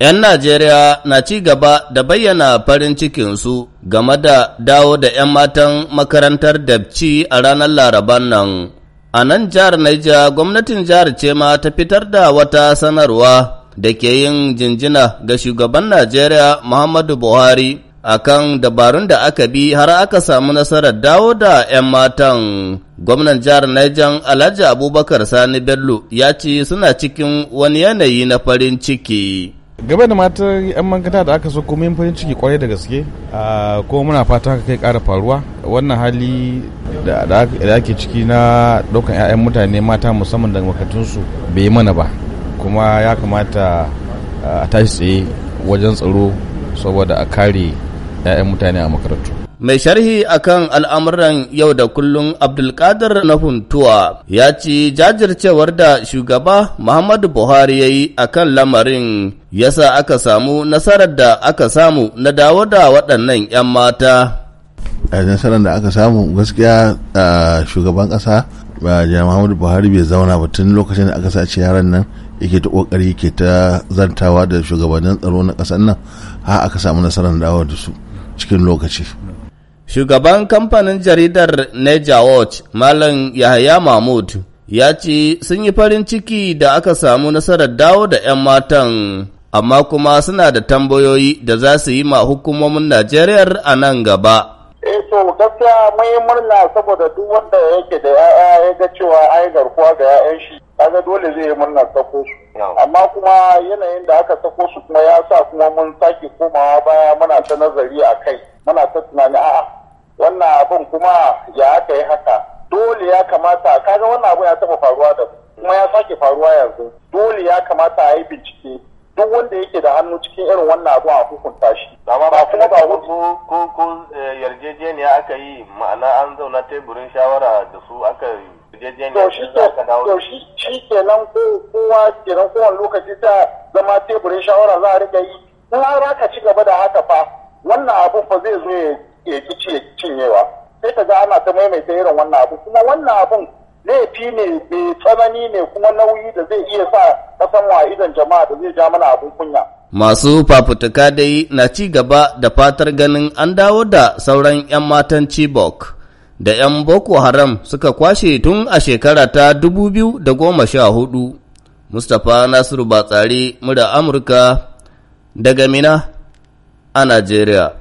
‘Yan Najeriya na ci gaba da bayyana farin cikinsu game da dawo da ‘yan matan makarantar Dabci a ranar Laraban nan. A nan jihar Naija gwamnatin jihar ce ta fitar da wata sanarwa da ke yin jinjina ga shugaban Najeriya Muhammadu Buhari a kan dabarun da aka bi har aka samu nasarar dawo da ‘yan matan. Gwamnan jihar naijan Alhaji Abubakar Sani Bello ya ce suna cikin wani yanayi na farin ciki. game da matar 'yan mankata da aka so kuma farin ciki kwarai da gaske ko muna fata haka kai kara faruwa wannan hali da ake ciki na daukan 'ya'yan mutane mata musamman daga makatunsu bai yi mana ba kuma ya kamata a tashi tsaye wajen tsaro saboda a kare 'ya'yan mutane a makarantu Mai sharhi akan al'amuran yau da kullum Abdulkadir na Funtuwa ya ci jajircewar da shugaba Muhammadu Buhari ya yi a kan lamarin yasa aka samu nasarar da aka samu na dawo da waɗannan 'yan mata. A nasarar da aka samu gaskiya shugaban ƙasa Jiya Muhammadu Buhari bai zauna ba tun lokacin da aka sace yaran nan yake ta ƙoƙari yake ta zantawa da shugabannin tsaro na ƙasar nan har aka samu nasarar dawo da su cikin lokaci. Shugaban kamfanin jaridar Neja Watch, Malam Yahaya Mahmud, ya ce sun yi farin ciki da aka samu nasarar dawo da 'yan matan, amma kuma suna da tambayoyi da za su yi ma hukumomin Najeriya a nan gaba. eh to gaskiya mun yi murna saboda duk wanda yake da ya'ya ya ga cewa ai garkuwa ga ya'yan shi kaga dole zai yi murna sako su amma kuma yanayin da aka sako su kuma ya sa kuma mun sake komawa baya muna ta nazari a kai muna ta tunani a'a wannan abin kuma ya aka yi haka dole ya kamata kaga wannan abu ya taba faruwa da kuma ya sake faruwa yanzu dole ya kamata a yi bincike duk wanda yake da hannu cikin irin wannan abu a hukunta shi amma ba kuma ba ko ko eh, yarjejeniya aka yi ma'ana an zauna teburin shawara da su aka yarjejeniya shi aka dawo to shi shi kenan ko kowa kenan kowane lokaci ta zama teburin shawara za a riƙa yi kuma ba ka ci gaba da haka fa wannan abun fa zai zo ya ya ki ce cinyewa sai ta ga ana ta maimaita irin wannan abu kuma wannan abun laifi ne mai tsanani ne kuma nauyi da zai iya sa kasan wa idan jama'a da zai ja mana abun kunya Masu fafutuka dai na ci gaba da fatar ganin an dawo da sauran 'yan matan Chibok da 'yan Boko Haram suka kwashe tun a shekara ta 2014. Mustapha Nasiru Batsari, mura Amurka, daga Mina a Najeriya.